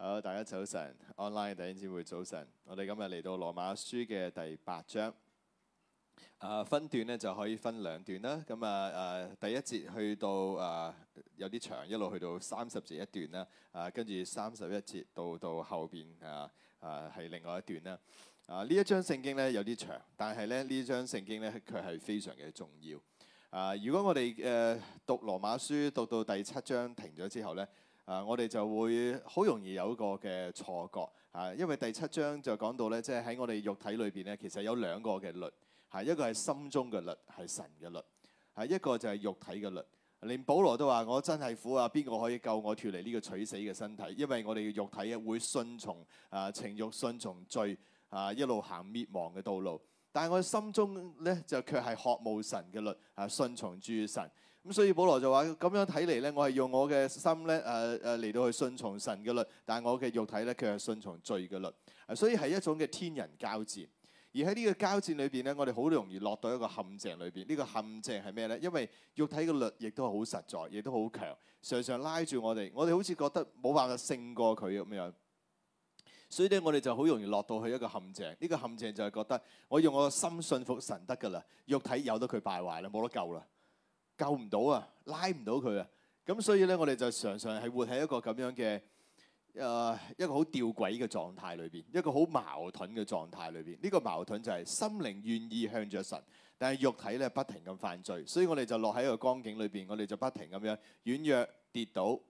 好，Hello, 大家早晨，online 弟兄姊妹早晨。我哋今日嚟到羅馬書嘅第八章。啊，分段咧就可以分兩段啦。咁啊，誒第一節去到啊有啲長，一路去到三十節一段啦。啊，跟住三十一節到到後邊啊啊係另外一段啦。啊，呢一章聖經咧有啲長，但係咧呢一章聖經咧佢係非常嘅重要。啊，如果我哋誒、啊、讀羅馬書讀到第七章停咗之後咧。啊，我哋就會好容易有一個嘅錯覺，啊，因為第七章就講到咧，即係喺我哋肉體裏邊咧，其實有兩個嘅律，嚇、啊，一個係心中嘅律係神嘅律，嚇、啊，一個就係肉體嘅律、啊。連保羅都話：我真係苦啊，邊個可以救我脫離呢個取死嘅身體？因為我哋嘅肉體信啊，會順從啊情慾、順從罪啊，一路行滅亡嘅道路。但係我心中咧就卻係學務神嘅律，啊，順從住神。咁所以保羅就話：咁樣睇嚟咧，我係用我嘅心咧，誒誒嚟到去順從神嘅律，但係我嘅肉體咧，佢係順從罪嘅律。所以係一種嘅天人交戰。而喺呢個交戰裏邊咧，我哋好容易落到一個陷阱裏邊。呢個陷阱係咩咧？因為肉體嘅律亦都好實在，亦都好強，常常拉住我哋。我哋好似覺得冇辦法勝過佢咁樣。所以咧，我哋就好容易落到去一個陷阱。呢個陷阱就係覺得我用我嘅心信服神得㗎啦，肉體由得佢敗壞啦，冇得救啦。救唔到啊，拉唔到佢啊，咁所以呢，我哋就常常係活喺一個咁樣嘅，誒一個好吊詭嘅狀態裏邊，一個好矛盾嘅狀態裏邊。呢個矛盾就係心靈願意向著神，但係肉體咧不停咁犯罪，所以我哋就落喺一個光景裏邊，我哋就不停咁樣軟弱跌倒，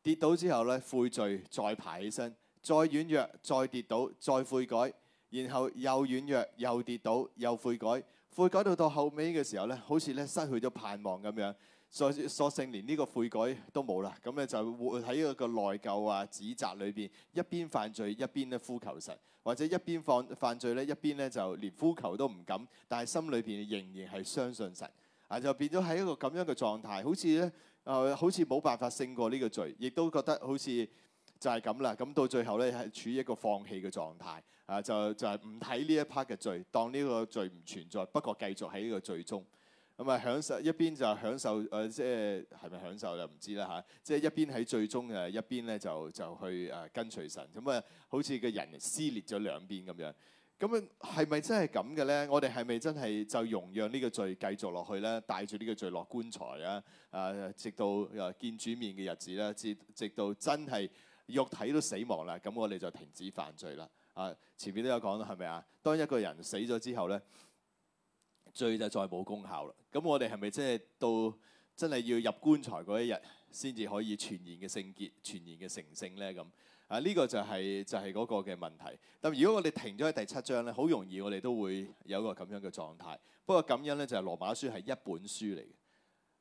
跌倒之後呢，悔罪再爬起身，再軟弱再跌倒再悔改，然後又軟弱又跌倒又悔改。悔改到到後尾嘅時候咧，好似咧失去咗盼望咁樣，索索性連呢個悔改都冇啦，咁咧就會喺一個內疚啊、指責裏邊，一邊犯罪一邊咧呼求神，或者一邊犯犯罪咧，一邊咧就連呼求都唔敢，但係心裏邊仍然係相信神，啊就變咗喺一個咁樣嘅狀態，好似咧啊，好似冇辦法勝過呢個罪，亦都覺得好似。就係咁啦，咁到最後咧係處於一個放棄嘅狀態啊！就就係唔睇呢一 part 嘅罪，當呢個罪唔存在，不過繼續喺呢個罪中咁啊、嗯，享受一邊就享受誒、呃，即係係咪享受就唔知啦吓、啊，即係一邊喺罪中嘅，一邊咧就就去誒、啊、跟隨神咁啊、嗯，好似個人撕裂咗兩邊咁樣。咁啊，係、嗯、咪真係咁嘅咧？我哋係咪真係就容讓呢個罪繼續落去咧，帶住呢個罪落棺材啊？啊，直到又見主面嘅日子咧，至直到真係。肉體都死亡啦，咁我哋就停止犯罪啦。啊，前面都有講啦，係咪啊？當一個人死咗之後咧，罪就再冇功效啦。咁我哋係咪即係到真係要入棺材嗰一日，先至可以傳言嘅聖潔、傳言嘅成聖咧？咁啊，呢個就係就係嗰個嘅問題。咁如果我哋停咗喺第七章咧，好容易我哋都會有一個咁樣嘅狀態。不過感恩咧，就係羅馬書係一本書嚟嘅。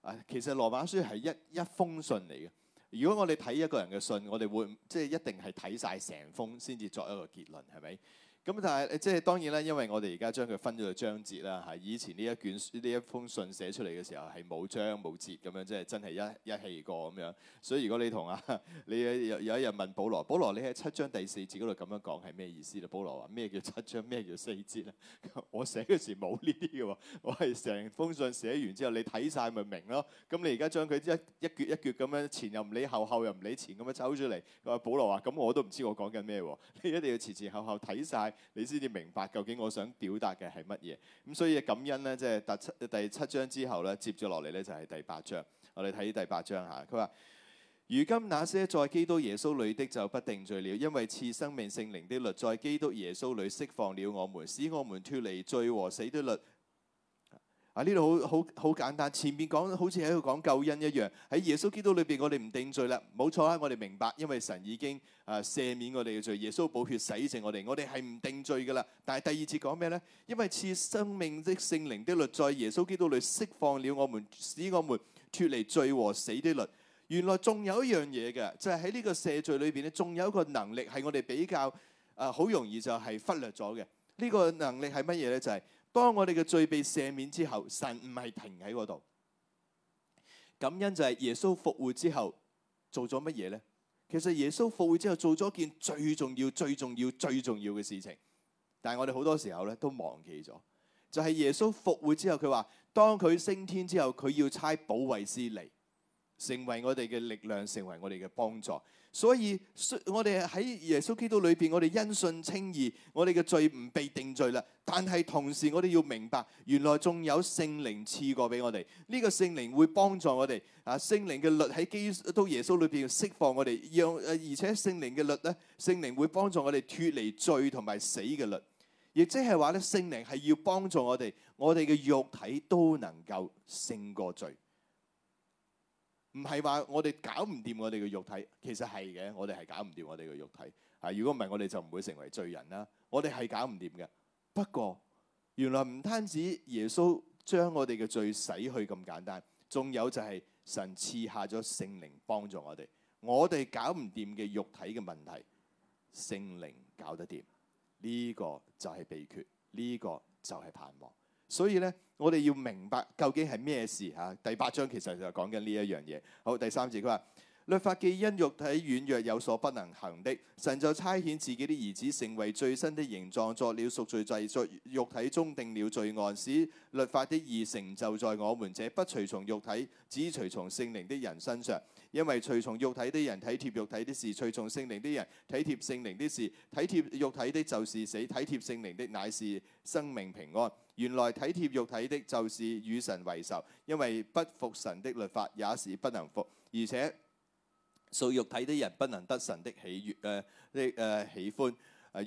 啊，其實羅馬書係一一封信嚟嘅。如果我哋睇一個人嘅信，我哋會即係一定係睇晒成封先至作一個結論，係咪？咁但係即係當然啦，因為我哋而家將佢分咗個章節啦，係以前呢一卷呢一封信寫出嚟嘅時候係冇章冇節咁樣，即係真係一一氣過咁樣。所以如果你同啊你有，有一日問保羅，保羅你喺七章第四節嗰度咁樣講係咩意思？保羅話咩叫七章咩叫四節啊？ 我寫嘅時冇呢啲嘅喎，我係成封信寫完之後你睇晒咪明咯。咁你而家將佢一一橛一橛咁樣前又唔理後，後，後又唔理前咁樣抽出嚟，保羅話咁我都唔知我講緊咩喎？你一定要前前後後睇晒。你先至明白究竟我想表達嘅係乜嘢，咁所以感恩呢，即係第七章之後咧，接住落嚟呢就係第八章，我哋睇第八章吓，佢話，如今那些在基督耶穌裏的就不定罪了，因為賜生命聖靈的律在基督耶穌裏釋放了我們，使我們脫離罪和死的律。啊！呢度好好好簡單，前面講好似喺度講救恩一樣，喺耶穌基督裏邊，我哋唔定罪啦，冇錯啦，我哋明白，因為神已經啊、呃、赦免我哋嘅罪，耶穌寶血洗淨我哋，我哋係唔定罪噶啦。但係第二節講咩呢？因為賜生命的聖靈的律，在耶穌基督裏釋放了我們，使我們脫離罪和死的律。原來仲有一樣嘢嘅，就係喺呢個赦罪裏邊咧，仲有一個能力係我哋比較啊好、呃、容易就係忽略咗嘅。呢、這個能力係乜嘢呢？就係、是。當我哋嘅罪被赦免之後，神唔係停喺嗰度。感恩就係耶穌復活之後做咗乜嘢呢？其實耶穌復活之後做咗件最重要、最重要、最重要嘅事情，但係我哋好多時候咧都忘記咗，就係、是、耶穌復活之後，佢話當佢升天之後，佢要差保惠師嚟，成為我哋嘅力量，成為我哋嘅幫助。所以，我哋喺耶穌基督裏邊，我哋因信稱義，我哋嘅罪唔被定罪啦。但係同時，我哋要明白，原來仲有聖靈賜過俾我哋，呢、這個聖靈會幫助我哋。啊，聖靈嘅律喺基督耶穌裏邊釋放我哋，讓、啊、而且聖靈嘅律咧，聖靈會幫助我哋脫離罪同埋死嘅律。亦即係話咧，聖靈係要幫助我哋，我哋嘅肉體都能夠勝過罪。唔係話我哋搞唔掂我哋嘅肉體，其實係嘅，我哋係搞唔掂我哋嘅肉體。啊，如果唔係我哋就唔會成為罪人啦。我哋係搞唔掂嘅。不過原來唔單止耶穌將我哋嘅罪洗去咁簡單，仲有就係神賜下咗聖靈幫助我哋。我哋搞唔掂嘅肉體嘅問題，聖靈搞得掂。呢個就係秘訣，呢個就係盼望。所以咧，我哋要明白究竟係咩事嚇、啊？第八章其實就講緊呢一樣嘢。好，第三節佢話：律法既因肉體軟弱有所不能行的，神就差遣自己的兒子成為罪身的形狀，作了贖罪祭，在肉體中定了罪案，使律法的義成就在我們這不隨從肉體、只隨從聖靈的人身上。因為隨從肉體的人體貼肉體的事，隨從聖靈的人體貼聖靈的事。體貼肉體的就是死，體貼聖靈的乃是生命平安。原來體貼肉體的就是與神為仇，因為不服神的律法也是不能服，而且屬肉體的人不能得神的喜悅。誒，的誒喜歡。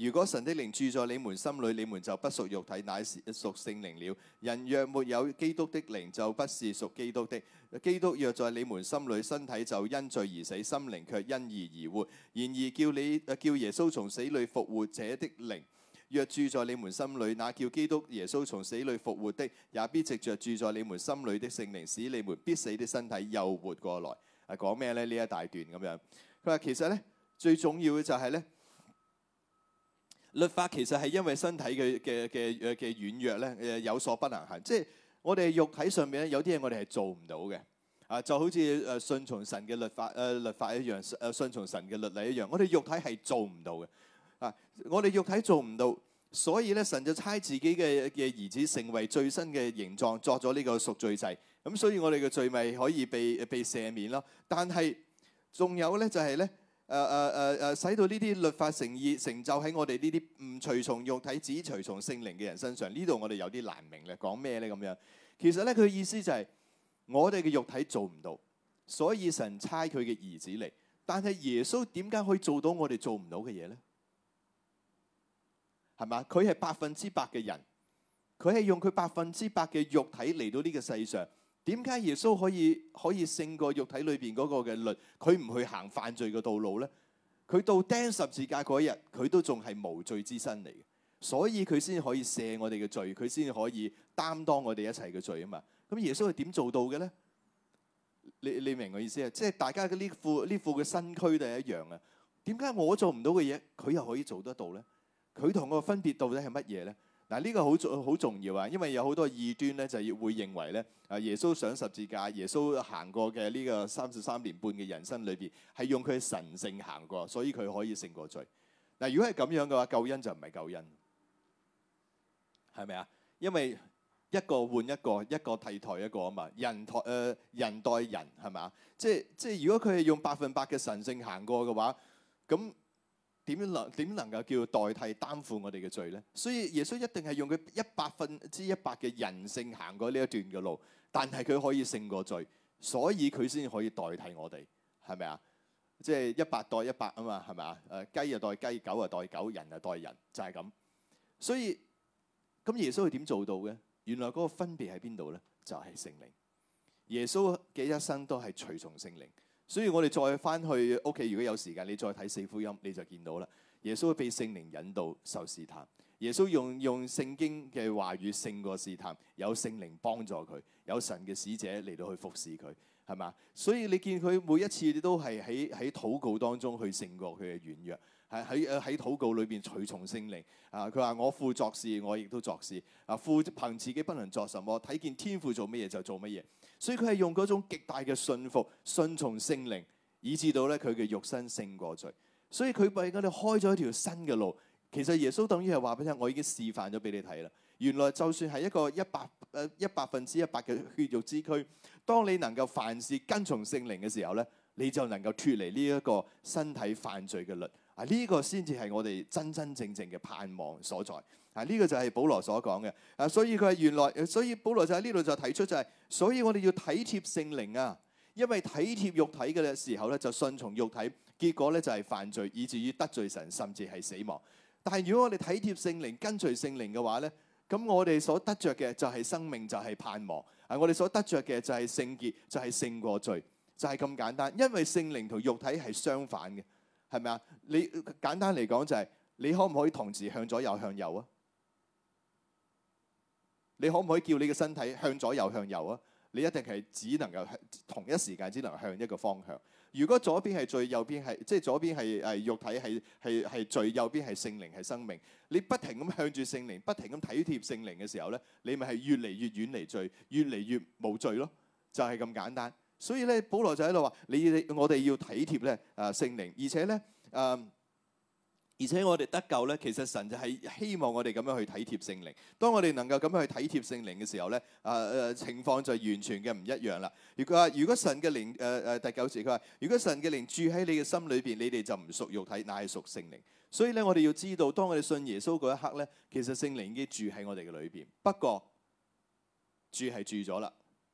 如果神的靈住在你們心裡，你們就不屬肉體，乃是屬聖靈了。人若沒有基督的靈，就不是屬基督的。基督若在你們心裡，身體就因罪而死，心靈卻因義而活。然而叫你誒叫耶穌從死裡復活者的靈，若住在你們心裡，那叫基督耶穌從死裡復活的，也必藉着住在你們心裡的聖靈，使你們必死的身體又活過來。啊，講咩咧？呢一大段咁樣，佢話其實咧，最重要嘅就係咧，律法其實係因為身體嘅嘅嘅嘅嘅軟弱咧，誒有所不能行。即係我哋肉體上面咧，有啲嘢我哋係做唔到嘅。啊，就好似誒順從神嘅律法，誒律法一樣，誒順從神嘅律例一樣，我哋肉體係做唔到嘅。啊！我哋肉體做唔到，所以咧，神就差自己嘅嘅兒子成為罪身嘅形狀，作咗呢個贖罪祭。咁所以我哋嘅罪咪可以被被赦免咯。但係仲有咧就係咧誒誒誒誒，使到呢啲律法誠意成就喺我哋呢啲唔隨從肉體、只隨從聖靈嘅人身上。呢度我哋有啲難明咧，講咩咧咁樣？其實咧佢意思就係我哋嘅肉體做唔到，所以神差佢嘅兒子嚟。但係耶穌點解可以做到我哋做唔到嘅嘢咧？係嘛？佢係百分之百嘅人，佢係用佢百分之百嘅肉體嚟到呢個世上。點解耶穌可以可以勝過肉體裏邊嗰個嘅律？佢唔去行犯罪嘅道路咧。佢到釘十字架嗰一日，佢都仲係無罪之身嚟嘅，所以佢先可以赦我哋嘅罪，佢先可以擔當我哋一齊嘅罪啊嘛。咁耶穌係點做到嘅咧？你你明我意思啊？即係大家嘅呢副呢副嘅身軀都係一樣啊。點解我做唔到嘅嘢，佢又可以做得到咧？佢同我分別到底係乜嘢咧？嗱，呢個好重好重要啊！因為有好多異端咧，就要會認為咧，啊耶穌上十字架，耶穌行過嘅呢個三十三年半嘅人生裏邊，係用佢嘅神性行過，所以佢可以勝過罪。嗱，如果係咁樣嘅話，救恩就唔係救恩，係咪啊？因為一個換一個，一個替代一個啊嘛，人代誒人代人係咪啊？即係即係如果佢係用百分百嘅神性行過嘅話，咁。點能點能夠叫代替擔負我哋嘅罪呢？所以耶穌一定係用佢一百分之一百嘅人性行過呢一段嘅路，但係佢可以勝過罪，所以佢先可以代替我哋，係咪啊？即係一百代一百啊嘛，係咪啊？誒雞就代雞，狗就代狗，人就代人，就係咁。所以咁耶穌係點做到嘅？原來嗰個分別喺邊度呢？就係聖靈。耶穌嘅一生都係隨從聖靈。所以我哋再翻去屋企，如果有時間，你再睇四福音，你就見到啦。耶穌被聖靈引導受試探，耶穌用用聖經嘅話語勝過試探，有聖靈幫助佢，有神嘅使者嚟到去服侍佢，係嘛？所以你見佢每一次都係喺喺禱告當中去勝過佢嘅軟弱，係喺喺禱告裏邊取從聖靈。啊，佢話我父作事，我亦都作事。啊，父憑自己不能作什麼，睇見天父做乜嘢就做乜嘢。所以佢係用嗰種極大嘅信服、信從聖靈，以至到咧佢嘅肉身勝過罪。所以佢而家你開咗一條新嘅路。其實耶穌等於係話俾你聽，我已經示範咗俾你睇啦。原來就算係一個一百誒一百分之一百嘅血肉之軀，當你能夠凡事跟從聖靈嘅時候咧，你就能夠脫離呢一個身體犯罪嘅律。啊，呢個先至係我哋真真正正嘅盼望所在。啊！呢個就係保羅所講嘅。啊，所以佢係原來，所以保羅就喺呢度就提出就係，所以我哋要體貼聖靈啊，因為體貼肉體嘅時候咧，就順從肉體，結果咧就係犯罪，以至於得罪神，甚至係死亡。但係如果我哋體貼聖靈，跟隨聖靈嘅話咧，咁我哋所得著嘅就係生命，就係盼望。啊，我哋所得著嘅就係聖潔，就係勝過罪，就係咁簡單。因為聖靈同肉體係相反嘅，係咪啊？你簡單嚟講就係，你可唔可以同時向左又向右啊？你可唔可以叫你嘅身體向左、右、向右啊？你一定係只能夠同一時間只能向一個方向。如果左邊係罪，右邊係即係左邊係誒肉體係係係罪，右邊係聖靈係生命。你不停咁向住聖靈，不停咁體貼聖靈嘅時候咧，你咪係越嚟越遠離罪，越嚟越冇罪咯。就係咁簡單。所以咧，保羅就喺度話：你哋我哋要體貼咧誒聖靈，而且咧誒。而且我哋得救咧，其實神就係希望我哋咁樣去體貼聖靈。當我哋能夠咁樣去體貼聖靈嘅時候咧，誒誒，情況就完全嘅唔一樣啦。如果話如果神嘅靈誒誒，第九節，佢話如果神嘅靈住喺你嘅心裏邊，你哋就唔屬肉體，乃係屬聖靈。所以咧，我哋要知道，當我哋信耶穌嗰一刻咧，其實聖靈已經住喺我哋嘅裏邊。不過住係住咗啦，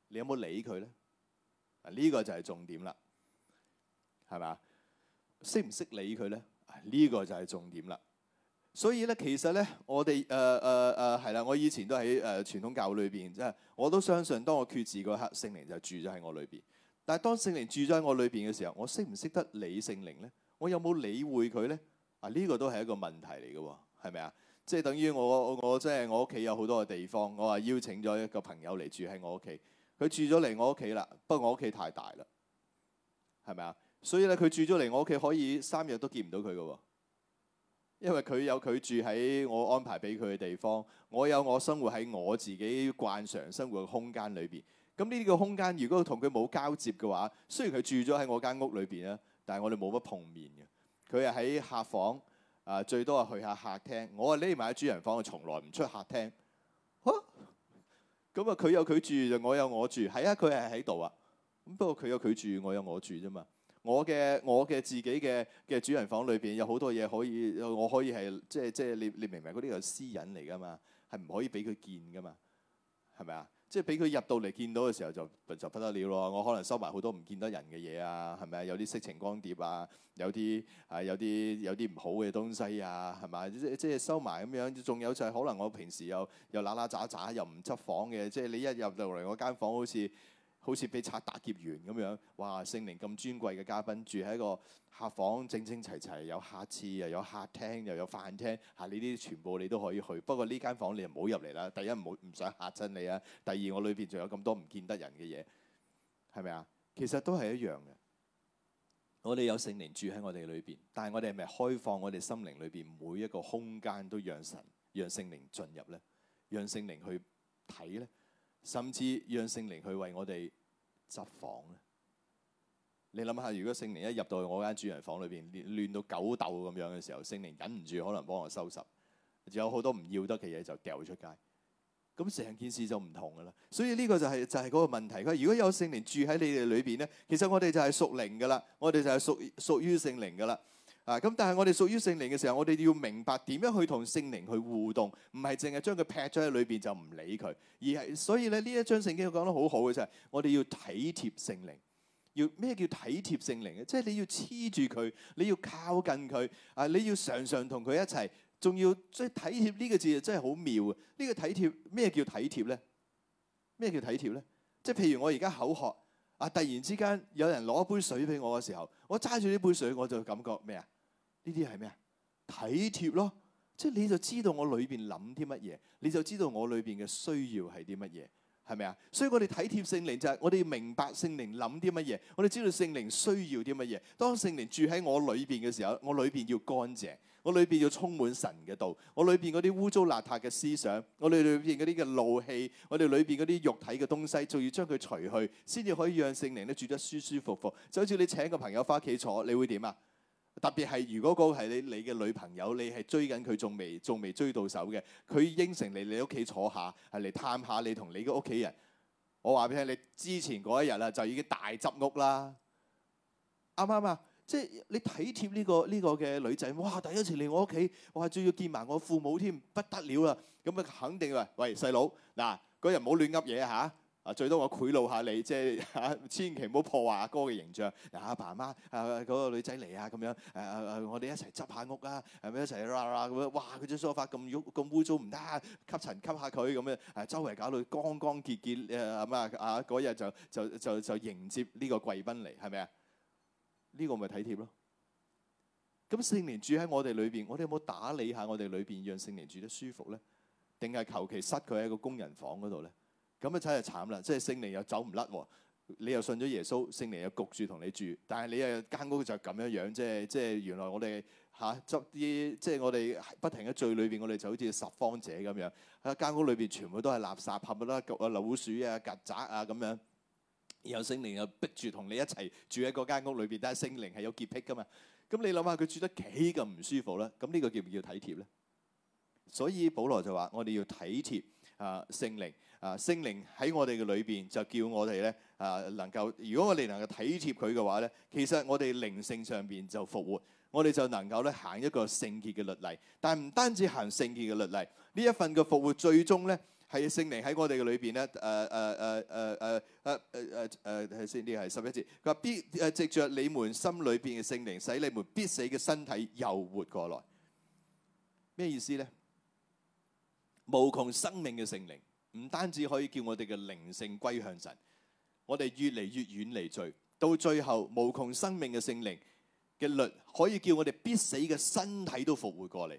你有冇理佢咧？啊，呢個就係重點啦，係咪？識唔識理佢咧？呢個就係重點啦，所以咧，其實咧，我哋誒誒誒係啦，我以前都喺誒傳統教裏邊，即係我都相信，當我決志嗰刻，聖靈就住咗喺我裏邊。但係當聖靈住咗喺我裏邊嘅時候，我識唔識得理聖靈咧？我有冇理會佢咧？啊，呢個都係一個問題嚟嘅，係咪啊？即係等於我我即係我屋企有好多個地方，我話邀請咗一個朋友嚟住喺我屋企，佢住咗嚟我屋企啦。不過我屋企太大啦，係咪啊？所以咧，佢住咗嚟我屋企，可以三日都見唔到佢嘅喎，因為佢有佢住喺我安排俾佢嘅地方，我有我生活喺我自己慣常生活嘅空間裏邊。咁呢啲個空間，如果同佢冇交接嘅話，雖然佢住咗喺我間屋裏邊啊，但係我哋冇乜碰面嘅。佢係喺客房啊，最多係去下客廳。我啊匿埋喺主人房，我從來唔出客廳嚇。咁啊，佢有佢住就我有我住，係啊，佢係喺度啊。咁不過佢有佢住，我有我住啫嘛。我嘅我嘅自己嘅嘅主人房裏邊有好多嘢可以，我可以係即係即係你你明白嗰啲係私隱嚟噶嘛？係唔可以俾佢見噶嘛？係咪啊？即係俾佢入到嚟見到嘅時候就就不得了咯。我可能收埋好多唔見得人嘅嘢啊，係咪啊？有啲色情光碟啊，有啲係、啊、有啲有啲唔好嘅東西啊，係咪即係收埋咁樣，仲有就係可能我平時又又喇喇喳喳又唔執房嘅，即係你一入到嚟我間房好似好似被拆打劫完咁樣，哇！聖靈咁尊貴嘅嘉賓住喺一個客房，整整齊齊，有客廁又有客廳又有，有飯廳，嚇、啊！呢啲全部你都可以去。不過呢間房你就唔好入嚟啦。第一唔唔想嚇親你啊。第二我裏邊仲有咁多唔見得人嘅嘢，係咪啊？其實都係一樣嘅。我哋有聖靈住喺我哋裏邊，但係我哋係咪開放我哋心靈裏邊每一個空間都讓神、讓聖靈進入呢？讓聖靈去睇呢？甚至讓聖靈去為我哋執房咧。你諗下，如果聖靈一入到我間主人房裏邊，亂到狗竇咁樣嘅時候，聖靈忍唔住可能幫我收拾，仲有好多唔要得嘅嘢就掉出街。咁成件事就唔同噶啦。所以呢個就係就係嗰個問題。佢如果有聖靈住喺你哋裏邊咧，其實我哋就係屬靈噶啦，我哋就係屬屬於聖靈噶啦。啊！咁但係我哋屬於聖靈嘅時候，我哋要明白點樣去同聖靈去互動，唔係淨係將佢劈咗喺裏邊就唔理佢，而係所以咧呢一章聖經講得好好嘅就係，我哋要體貼聖靈。要咩叫體貼聖靈咧？即係你要黐住佢，你要靠近佢，啊你要常常同佢一齊，仲要即係體貼呢個字真係好妙啊！呢個體貼咩叫體貼咧？咩叫體貼咧？即係譬如我而家口渴。啊！突然之間有人攞一杯水俾我嘅時候，我揸住呢杯水，我就感覺咩啊？呢啲係咩啊？體貼咯，即係你就知道我裏邊諗啲乜嘢，你就知道我裏邊嘅需要係啲乜嘢，係咪啊？所以我哋體貼聖靈就係我哋要明白聖靈諗啲乜嘢，我哋知道聖靈需要啲乜嘢。當聖靈住喺我裏邊嘅時候，我裏邊要乾淨。我裏邊要充滿神嘅道，我裏邊嗰啲污糟邋遢嘅思想，我裏裏邊嗰啲嘅怒氣，我哋裏邊嗰啲肉體嘅東西，就要將佢除去，先至可以讓聖靈咧住得舒舒服服。就好似你請個朋友翻屋企坐，你會點啊？特別係如果個係你你嘅女朋友，你係追緊佢仲未仲未追到手嘅，佢應承嚟你屋企坐下，係嚟探下你同你嘅屋企人。我話俾你聽，你之前嗰一日啦、啊，就已經大執屋啦，啱唔啱啊？即係你體貼呢個呢個嘅女仔，哇！第一次嚟我屋企，哇！仲要見埋我父母添，不得了啦！咁啊，肯定話：喂，細佬，嗱，嗰日唔好亂噏嘢嚇，最多我賄賂下你，即係千祈唔好破壞阿哥嘅形象。嗱，阿爸阿媽，啊嗰個女仔嚟啊，咁樣誒誒，我哋一齊執下屋啊，係咪一齊啦啦咁樣？哇！佢張梳化咁喐咁污糟唔得，吸塵吸下佢咁樣，周圍搞到光光潔潔誒啊嘛啊！嗰日就就就就迎接呢個貴賓嚟，係咪啊？呢個咪體貼咯。咁、嗯、聖靈住喺我哋裏邊，我哋有冇打理下我哋裏邊，讓聖靈住得舒服咧？定係求其塞佢喺個工人房嗰度咧？咁啊真係慘啦！即係聖靈又走唔甩喎。你又信咗耶穌，聖靈又焗住同你住，但係你又間屋就咁樣樣，即係即係原來我哋吓，執、啊、啲，即係我哋不停喺罪裏邊，我哋就好似拾荒者咁樣喺間屋裏邊全部都係垃圾，冚啦焗啊老鼠啊曱甴啊咁樣。有聖靈又逼住同你一齊住喺嗰間屋裏邊，但係聖靈係有潔癖噶嘛？咁你諗下佢住得幾咁唔舒服啦？咁呢個叫唔叫體貼咧？所以保羅就話：我哋要體貼啊聖靈啊聖靈喺我哋嘅裏邊就叫我哋咧啊能夠如果我哋能夠體貼佢嘅話咧，其實我哋靈性上邊就復活，我哋就能夠咧行一個聖潔嘅律例。但係唔單止行聖潔嘅律例，呢一份嘅復活最終咧。係聖靈喺我哋嘅裏邊咧，誒誒誒誒誒誒誒誒誒係先啲係十一節。佢話必誒、呃、藉着你們心裏邊嘅聖靈，使你們必死嘅身體又活過來。咩意思咧？無窮生命嘅聖靈，唔單止可以叫我哋嘅靈性歸向神，我哋越嚟越遠離罪，到最後無窮生命嘅聖靈嘅律，可以叫我哋必死嘅身體都復活過嚟。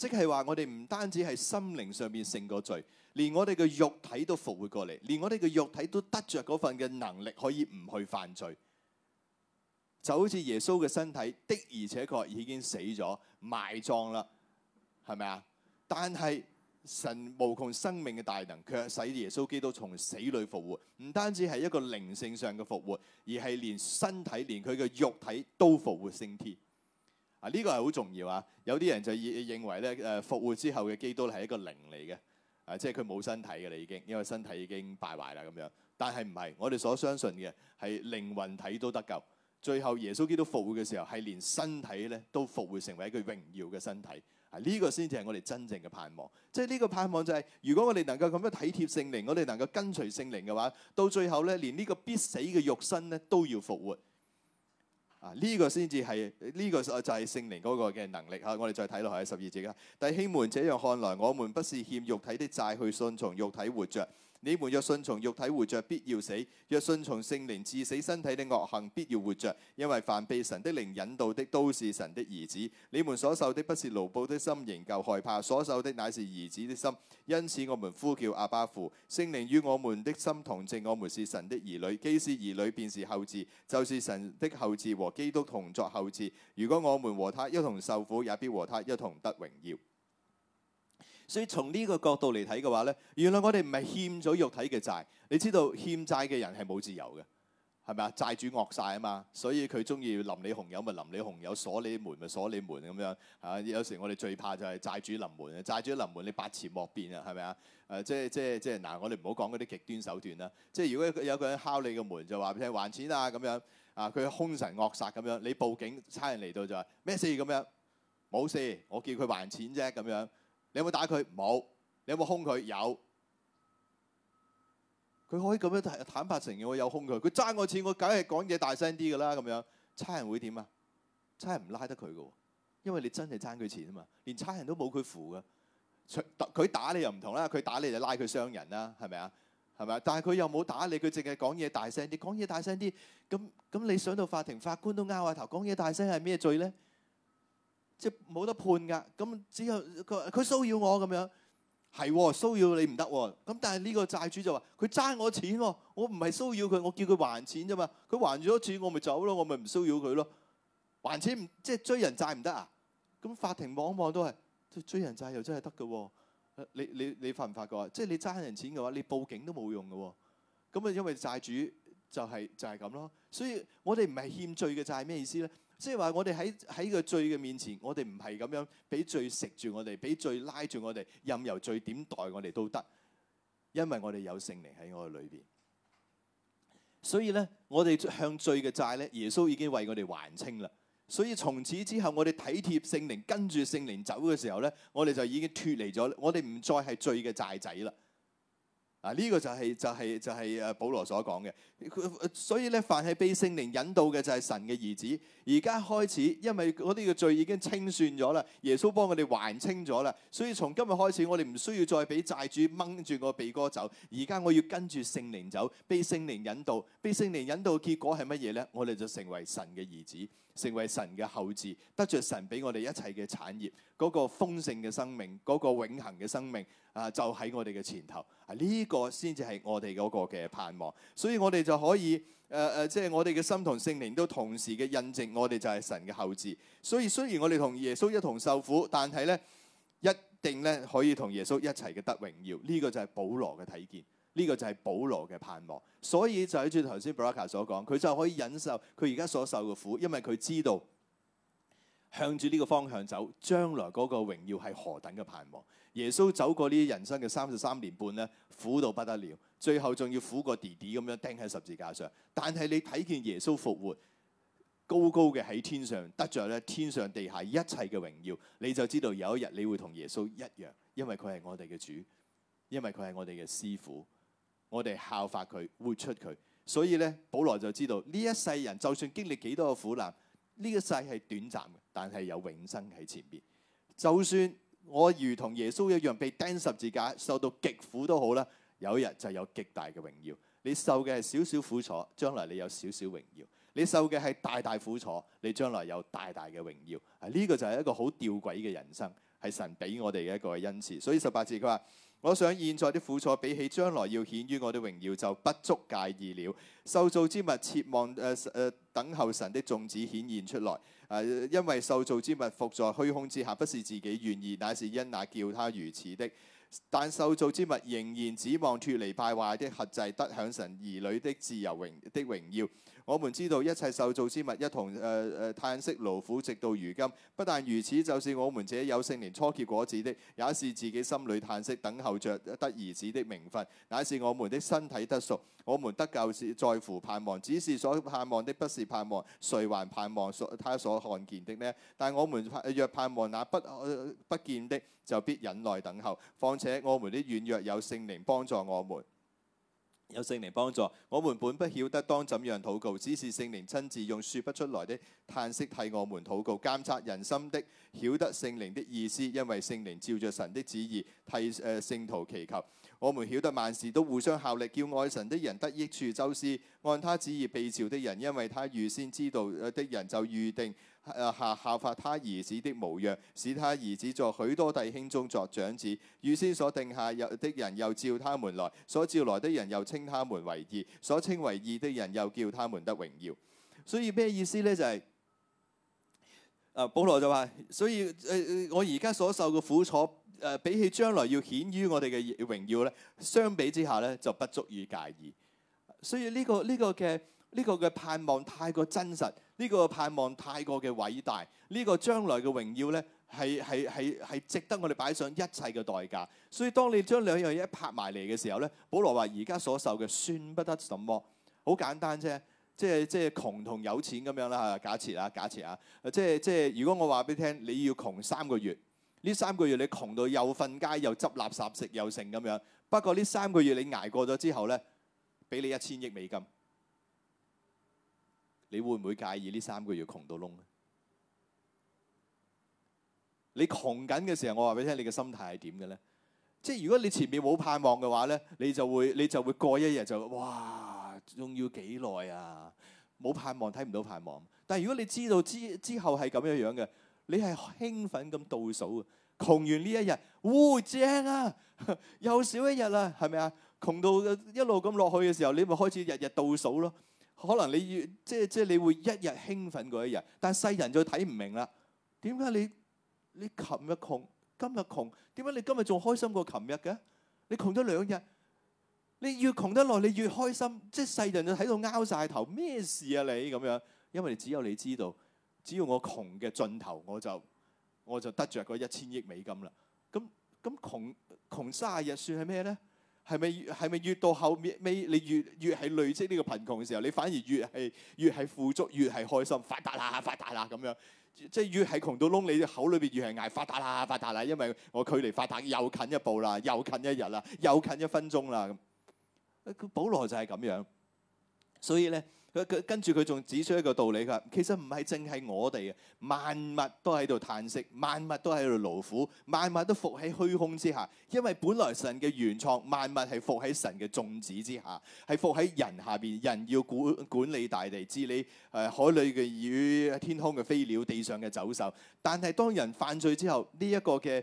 即係話，我哋唔單止係心靈上面勝過罪，連我哋嘅肉體都復活過嚟，連我哋嘅肉體都得著嗰份嘅能力，可以唔去犯罪。就好似耶穌嘅身體的而且確已經死咗、埋葬啦，係咪啊？但係神無窮生命嘅大能，卻使耶穌基督從死裡復活。唔單止係一個靈性上嘅復活，而係連身體、連佢嘅肉體都復活升天。啊！呢個係好重要啊！有啲人就認認為咧，誒、啊、復活之後嘅基督係一個靈嚟嘅，啊，即係佢冇身體嘅啦已經，因為身體已經敗壞啦咁樣。但係唔係，我哋所相信嘅係靈魂體都得救。最後耶穌基督復活嘅時候，係連身體咧都復活成為一個榮耀嘅身體。啊，呢、呢個先至係我哋真正嘅盼望。即係呢個盼望就係、係，如果我哋能夠咁樣體貼聖靈，我哋能夠跟隨聖靈嘅話，到最後咧，連呢個必死嘅肉身咧都要復活。啊！呢、這個先至係呢個就係聖靈嗰個嘅能力嚇、啊，我哋再睇落去十二節啦。弟兄們，這樣看來，我們不是欠肉體的債去順從肉體活着。你們若信從肉體活着，必要死；若信從聖靈致死身體的惡行，必要活着。因為凡被神的靈引導的，都是神的兒子。你們所受的不是奴僕的心，仍舊害怕；所受的乃是兒子的心。因此，我們呼叫阿爸父，聖靈與我們的心同證，我們是神的兒女。既是兒女，便是後嗣，就是神的後嗣，和基督同作後嗣。如果我們和他一同受苦，也必和他一同得榮耀。所以從呢個角度嚟睇嘅話咧，原來我哋唔係欠咗肉體嘅債。你知道欠債嘅人係冇自由嘅，係咪啊？債主惡晒啊嘛，所以佢鍾意淋你紅油咪淋你紅油，鎖你門咪鎖你門咁樣啊。有時我哋最怕就係債主臨門，債主臨門你百辭莫辯啊，係咪啊？誒，即係即係即係嗱，我哋唔好講嗰啲極端手段啦。即係如果有個人敲你嘅門就話咩還錢啊咁樣啊，佢兇神惡煞咁樣，你報警差人嚟到就話，咩事咁樣冇事，我叫佢還錢啫咁樣。你有冇打佢？冇。你有冇兇佢？有。佢可以咁樣坦白承認，我有兇佢。佢爭我錢，我梗係講嘢大聲啲㗎啦。咁樣差人會點啊？差人唔拉得佢㗎，因為你真係爭佢錢啊嘛。連差人都冇佢扶嘅。佢打你又唔同啦，佢打你就拉佢傷人啦，係咪啊？係咪啊？但係佢又冇打你，佢淨係講嘢大聲啲。講嘢大聲啲，咁咁你上到法庭，法官都拗下頭，講嘢大聲係咩罪咧？即冇得判㗎，咁只有佢佢騷擾我咁樣，係、啊、騷擾你唔得喎。咁但係呢個債主就話：佢爭我錢喎、啊，我唔係騷擾佢，我叫佢還錢啫嘛。佢還咗錢我，我咪走咯，我咪唔騷擾佢咯。還錢唔即係追人債唔得啊？咁法庭望一望都係追人債又真係得嘅喎。你你你發唔發覺啊？即係你爭人錢嘅話，你報警都冇用嘅喎。咁啊，因為債主就係、是、就係、是、咁咯。所以我哋唔係欠罪嘅債係咩意思咧？即係話我哋喺喺個罪嘅面前，我哋唔係咁樣俾罪食住我哋，俾罪拉住我哋，任由罪點待我哋都得，因為我哋有聖靈喺我哋裏邊。所以呢，我哋向罪嘅債呢，耶穌已經為我哋還清啦。所以從此之後，我哋體貼聖靈，跟住聖靈走嘅時候呢，我哋就已經脫離咗，我哋唔再係罪嘅債仔啦。啊！呢個就係就係就係誒保羅所講嘅，所以咧，凡係被聖靈引導嘅就係神嘅兒子。而家開始，因為嗰啲嘅罪已經清算咗啦，耶穌幫我哋還清咗啦，所以從今日開始，我哋唔需要再俾債主掹住個鼻哥走。而家我要跟住聖靈走，被聖靈引導，被聖靈引導嘅結果係乜嘢咧？我哋就成為神嘅兒子。成為神嘅後嗣，得着神俾我哋一切嘅產業，嗰、那個豐盛嘅生命，嗰、那個永恆嘅生命啊，就喺我哋嘅前頭啊！呢、這個先至係我哋嗰個嘅盼望，所以我哋就可以誒誒，即、呃、係、就是、我哋嘅心同聖靈都同時嘅印證，我哋就係神嘅後嗣。所以雖然我哋同耶穌一同受苦，但係咧一定咧可以耶穌同耶穌一齊嘅得榮耀。呢、這個就係保羅嘅睇見。呢個就係保羅嘅盼望，所以就喺住頭先 Braca 所講，佢就可以忍受佢而家所受嘅苦，因為佢知道向住呢個方向走，將來嗰個榮耀係何等嘅盼望。耶穌走過呢啲人生嘅三十三年半呢，苦到不得了，最後仲要苦過弟弟咁樣釘喺十字架上。但係你睇見耶穌復活，高高嘅喺天上得着咧天上地下一切嘅榮耀，你就知道有一日你會同耶穌一樣，因為佢係我哋嘅主，因為佢係我哋嘅師傅。我哋效法佢，活出佢。所以咧，保羅就知道呢一世人就算經歷幾多個苦難，呢一世係短暫嘅，但係有永生喺前邊。就算我如同耶穌一樣被釘十字架，受到極苦都好啦，有一日就有極大嘅榮耀。你受嘅係少少苦楚，將來你有少少榮耀；你受嘅係大大苦楚，你將來有大大嘅榮耀。啊，呢個就係一個好吊詭嘅人生，係神俾我哋嘅一個恩賜。所以十八字佢話。我想現在的苦楚比起將來要顯於我的榮耀就不足介意了。受造之物切望誒誒、呃呃、等候神的眾子顯現出來，誒、呃、因為受造之物伏在虛空之下，不是自己願意，乃是因那叫他如此的。但受造之物仍然指望脫離敗壞的轄制，得享神兒女的自由榮的榮耀。我們知道一切受造之物一同誒誒嘆息勞苦，直到如今。不但如此，就是我們這有聖年初結聖靈初結果子的，也是自己心裏嘆息，等候着得兒子的名分，乃是我們的身體得贖。我們得救是在乎盼望，只是所盼望的不是盼望，誰還盼望所他所看見的呢？但我們若盼望那不、呃、不見的，就必忍耐等候。況且我們的軟弱有聖靈幫助我們。有聖靈幫助，我們本不曉得當怎樣禱告，只是聖靈親自用說不出來的嘆息替我們禱告，監察人心的曉得聖靈的意思，因為聖靈照着神的旨意替誒、呃、聖徒祈求。我們曉得萬事都互相效力，叫愛神的人得益處。就是按他旨意被召的人，因為他預先知道的人就預定。啊！效效法他兒子的模樣，使他兒子在許多弟兄中作長子。預先所定下有的人，又召他們來；所召來的人，又稱他們為義；所稱為義的人，又叫他們得榮耀。所以咩意思呢？就係、是、啊，保羅就話：所以誒、呃，我而家所受嘅苦楚誒、呃，比起將來要顯於我哋嘅榮耀咧，相比之下咧，就不足以介意。所以呢、這個呢、這個嘅呢、這個嘅盼望太過真實。呢個盼望太過嘅偉大，呢個將來嘅榮耀呢，係係係值得我哋擺上一切嘅代價。所以當你將兩樣嘢拍埋嚟嘅時候呢，保羅話：而家所受嘅算不得什麼。好簡單啫，即係即係窮同有錢咁樣啦。假設啊，假設啊，即係即係如果我話俾你聽，你要窮三個月，呢三個月你窮到又瞓街又執垃圾食又剩咁樣。不過呢三個月你捱過咗之後呢，俾你一千億美金。你會唔會介意呢三個月窮到窿咧？你窮緊嘅時候，我話俾你聽，你嘅心態係點嘅咧？即係如果你前面冇盼望嘅話咧，你就會你就會過一日就哇，仲要幾耐啊？冇盼望，睇唔到盼望。但係如果你知道之之後係咁樣樣嘅，你係興奮咁倒數嘅。窮完呢一日，哇，正啊，又少一日啦，係咪啊？窮到一路咁落去嘅時候，你咪開始日日倒數咯。可能你越即係即係，你會一日興奮過一日，但係世人就睇唔明啦。點解你你琴日窮，今日窮，點解你今日仲開心過琴日嘅？你窮咗兩日，你越窮得耐，你越開心。即係世人就睇到拗晒頭，咩事啊你咁樣？因為只有你知道，只要我窮嘅盡頭我，我就我就得着嗰一千億美金啦。咁咁窮窮三十日算係咩咧？係咪係咪越到後面尾，你越越係累積呢個貧窮嘅時候，你反而越係越係富足，越係開心，發達啦，發達啦咁樣，即係越係窮到窿，你口裏邊越係嗌發達啦，發達啦，因為我距離發達又近一步啦，又近一日啦，又近一分鐘啦咁。保羅就係咁樣，所以咧。佢佢跟住佢仲指出一個道理，佢話其實唔係淨係我哋，萬物都喺度嘆息，萬物都喺度勞苦，萬物都伏喺虛空之下，因為本來神嘅原創，萬物係伏喺神嘅宗旨之下，係伏喺人下邊，人要管管理大地，治理誒海裡嘅魚、天空嘅飛鳥、地上嘅走獸。但係當人犯罪之後，呢、這、一個嘅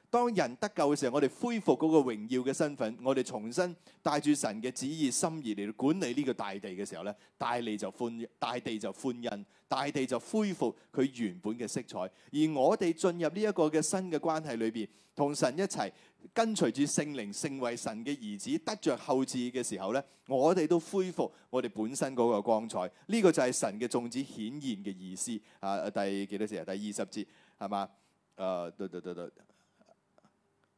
當人得救嘅時候，我哋恢復嗰個榮耀嘅身份，我哋重新帶住神嘅旨意、心意嚟管理呢個大地嘅時候咧，大地就歡恩，大地就歡欣，大地就恢復佢原本嘅色彩。而我哋進入呢一個嘅新嘅關係裏邊，同神一齊跟隨住聖靈，成為神嘅兒子，得着後嗣嘅時候咧，我哋都恢復我哋本身嗰個光彩。呢、這個就係神嘅眾子顯現嘅意思啊！第幾多節啊？第二十節係嘛？誒、啊，對對對對。對對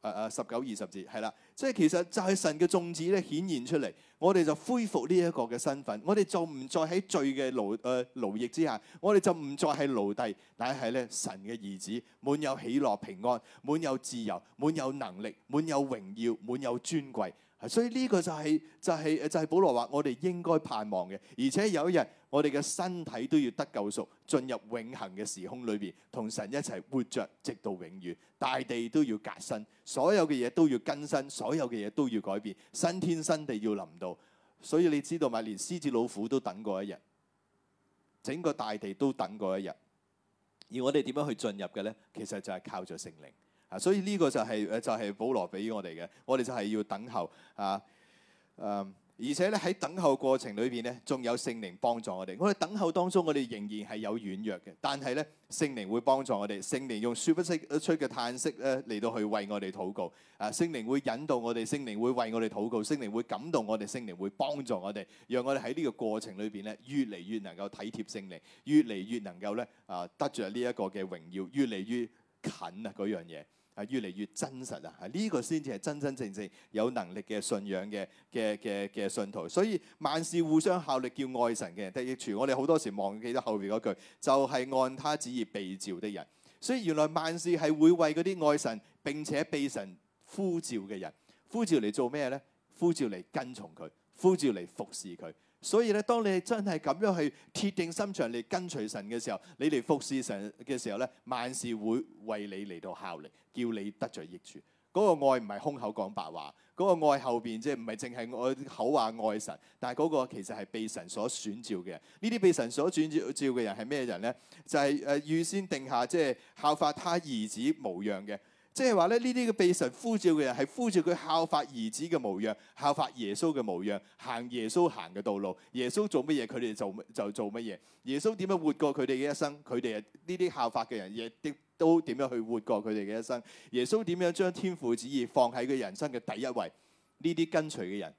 誒誒、呃、十九二十字，係啦，即係其實就係神嘅宗旨眾子咧顯現出嚟，我哋就恢復呢一個嘅身份，我哋就唔再喺罪嘅奴誒、呃、奴役之下，我哋就唔再係奴隸，但係咧神嘅兒子，滿有喜樂平安，滿有自由，滿有能力，滿有榮耀，滿有尊貴。所以呢個就係、就係、就係，保羅話我哋應該盼望嘅，而且有一日我哋嘅身體都要得救贖，進入永恆嘅時空裏邊，同神一齊活着直到永遠。大地都要革新，所有嘅嘢都要更新，所有嘅嘢都要改變，新天新地要臨到。所以你知道嘛？連獅子老虎都等過一日，整個大地都等過一日。而我哋點樣去進入嘅呢？其實就係靠著聖靈。所以呢個就係誒，就係保羅俾我哋嘅，我哋就係要等候啊誒，而且咧喺等候過程裏邊咧，仲有聖靈幫助我哋。我哋等候當中，我哋仍然係有軟弱嘅，但係咧，聖靈會幫助我哋。聖靈用説不出得出嘅嘆息咧，嚟到去為我哋禱告。誒，聖靈會引導我哋，聖靈會為我哋禱告，聖靈會感動我哋，聖靈會幫助我哋，讓我哋喺呢個過程裏邊咧，越嚟越能夠體貼聖靈，越嚟越能夠咧啊，得著呢一個嘅榮耀，越嚟越近啊嗰樣嘢。係越嚟越真實啊！呢個先至係真真正正有能力嘅信仰嘅嘅嘅嘅信徒。所以萬事互相效力，叫愛神嘅人得益處。我哋好多時忘記咗後面嗰句，就係按他旨意被召的人。所以原來萬事係會為嗰啲愛神並且被神呼召嘅人，呼召嚟做咩咧？呼召嚟跟從佢，呼召嚟服侍佢。所以咧，當你真係咁樣去鐵定心腸嚟跟隨神嘅時候，你嚟服侍神嘅時候咧，萬事會為你嚟到效力，叫你得著益處。嗰、那個愛唔係空口講白話，嗰、那個愛後邊即係唔係淨係我口話愛神，但係嗰個其實係被神所選召嘅。呢啲被神所選召嘅人係咩人咧？就係、是、誒預先定下即係、就是、效法他兒子模樣嘅。即係話咧，呢啲嘅被神呼召嘅人係呼召佢效法兒子嘅模樣，效法耶穌嘅模樣，行耶穌行嘅道路，耶穌做乜嘢佢哋就就做乜嘢，耶穌點樣活過佢哋嘅一生，佢哋呢啲效法嘅人亦都點樣去活過佢哋嘅一生，耶穌點樣將天父旨意放喺佢人生嘅第一位，呢啲跟隨嘅人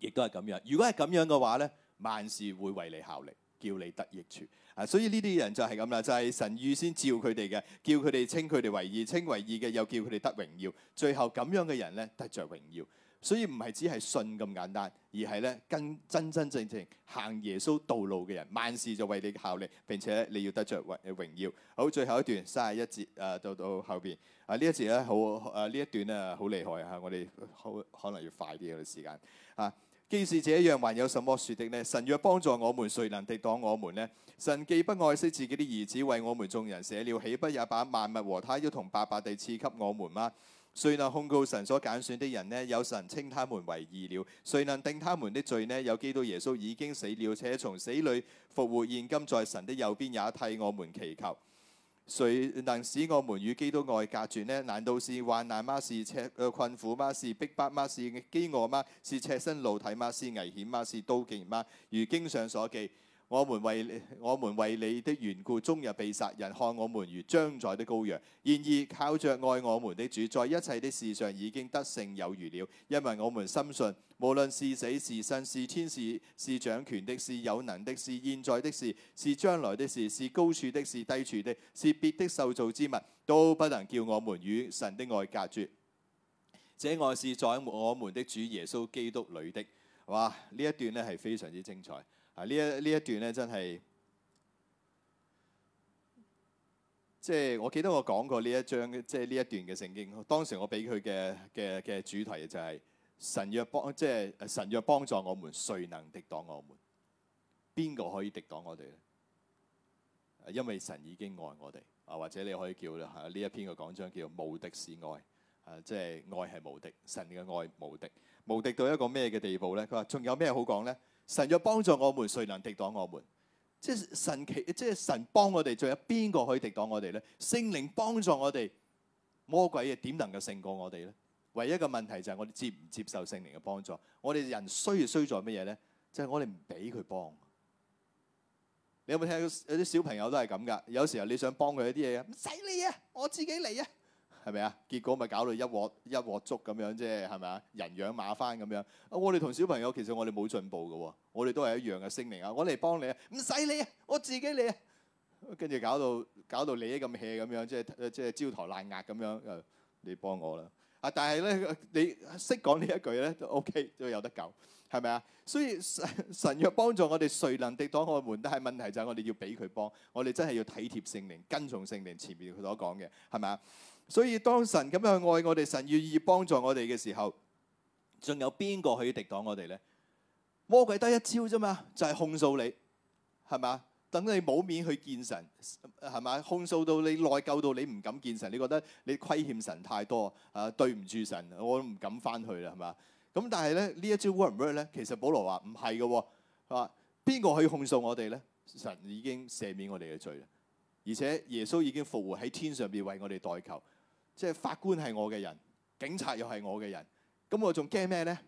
亦都係咁樣。如果係咁樣嘅話呢，萬事會為你效力，叫你得益處。啊，所以呢啲人就係咁啦，就係、是、神預先召佢哋嘅，叫佢哋稱佢哋為義，稱為義嘅又叫佢哋得榮耀。最後咁樣嘅人咧，得着榮耀。所以唔係只係信咁簡單，而係咧跟真真正正行，行耶穌道路嘅人，萬事就為你效力。並且你要得着榮榮耀。好，最後一段三十、啊啊、一節，誒到到後邊啊呢一節咧好誒呢一段咧好厲害啊！我哋可可能要快啲嘅、那個、時間啊。既是這樣，還有什麼説的呢？神若幫助我們，誰能敵擋我們呢？神既不愛惜自己的兒子，為我們眾人捨了，豈不也把萬物和他一同白白地賜給我們嗎？誰能控告神所揀選的人呢？有神稱他們為義了。誰能定他們的罪呢？有基督耶穌已經死了，且從死裏復活，現今在神的右邊，也替我們祈求。誰能使我們與基督愛隔絕呢？難道是患難嗎？是赤、呃、困苦嗎？是逼迫嗎？是飢餓嗎？是赤身露體嗎？是危險嗎？是刀劍嗎？如經上所記。我們為我們為你的緣故，終日被殺人，人看我們如將宰的羔羊。然而靠着愛我們的主，在一切的事上已經得勝有餘了，因為我們深信，無論是死是生，是天使，是掌權的，是有能的，是現在的事，是將來的事，是高處的，是低處的，是別的受造之物，都不能叫我們與神的愛隔絕。這愛是在我們的主耶穌基督裏的，係呢一段咧係非常之精彩。啊！呢一呢一段咧，真係即係我記得我講過呢一章，即係呢一段嘅聖經。當時我俾佢嘅嘅嘅主題就係：神若幫，即係神若幫助我們，誰能敵擋我們？邊個可以敵擋我哋咧？因為神已經愛我哋啊，或者你可以叫嚇呢一篇嘅講章叫無敵是愛啊！即係愛係無敵，神嘅愛無敵，無敵到一個咩嘅地步咧？佢話：仲有咩好講咧？神若幫助我們，誰能敵擋我們？即係神其，即係神幫我哋，仲有邊個可以敵擋我哋咧？聖靈幫助我哋，魔鬼又點能夠勝過我哋咧？唯一嘅問題就係我哋接唔接受聖靈嘅幫助。我哋人衰而衰在乜嘢咧？就係、是、我哋唔俾佢幫。你有冇聽有啲小朋友都係咁噶？有時候你想幫佢一啲嘢，唔使你啊，我自己嚟啊。係咪啊？結果咪搞到一鑊一鑊粥咁樣啫？係咪啊？人仰馬翻咁樣啊！我哋同小朋友其實我哋冇進步嘅喎，哦，我哋都係一樣嘅聖靈啊！我嚟幫你啊，唔使你啊，我自己嚟啊。跟住搞到搞到你咁氣咁樣，即係即係焦頭爛額咁樣啊！你幫我啦啊！但係咧，你識講呢一句咧都 OK，都有得救係咪啊？所以神，神若幫助我哋，誰能敵擋我們？都係問題就係我哋要俾佢幫，我哋真係要體貼聖靈，跟從聖靈。前面佢所講嘅係咪啊？所以當神咁樣去愛我哋，神願意幫助我哋嘅時候，仲有邊個可以敵擋我哋咧？魔鬼得一招啫嘛，就係控訴你，係咪？等你冇面去見神，係咪？控訴到你內疚到你唔敢見神，你覺得你虧欠神太多啊，對唔住神，我都唔敢翻去啦，係咪？咁但係咧呢一招 work 唔 work 咧？其實保羅話唔係嘅喎，佢話邊個可以控訴我哋咧？神已經赦免我哋嘅罪啦，而且耶穌已經復活喺天上邊為我哋代求。即係法官係我嘅人，警察又係我嘅人，咁我仲驚咩呢？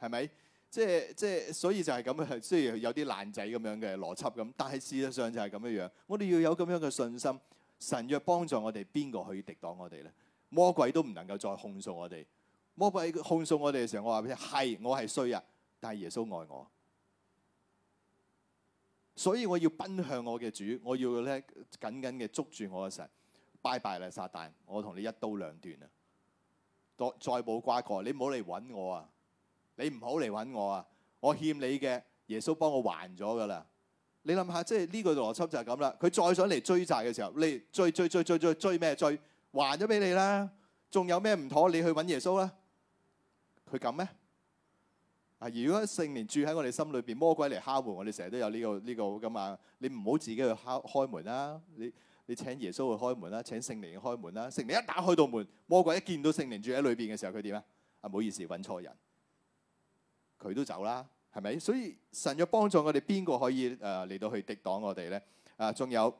係咪？即係即係，所以就係咁樣，雖然有啲爛仔咁樣嘅邏輯咁，但係事實上就係咁樣樣。我哋要有咁樣嘅信心，神若幫助我哋，邊個可以敵擋我哋呢？魔鬼都唔能夠再控訴我哋。魔鬼控訴我哋嘅時候，我話俾你聽，係我係衰啊，但係耶穌愛我，所以我要奔向我嘅主，我要咧緊緊嘅捉住我嘅神。拜拜啦，撒旦！我同你一刀兩斷啦，再再冇瓜葛。你唔好嚟揾我啊！你唔好嚟揾我啊！我欠你嘅耶穌幫我還咗噶啦。你諗下，即係呢個邏輯就係咁啦。佢再想嚟追債嘅時候，你追追追追追追咩？追還咗俾你啦，仲有咩唔妥？你去揾耶穌啦。佢咁咩？啊！如果聖靈住喺我哋心裏邊，魔鬼嚟敲門，我哋成日都有呢個呢個噶嘛。你唔好自己去敲開門啦，你。你請耶穌去開門啦，請聖靈去開門啦，聖靈一打開道門，魔鬼一見到聖靈住喺裏邊嘅時候，佢點啊？啊，唔好意思，揾錯人，佢都走啦，係咪？所以神要幫助我哋，邊個可以誒嚟、呃、到去敵擋我哋咧？啊，仲有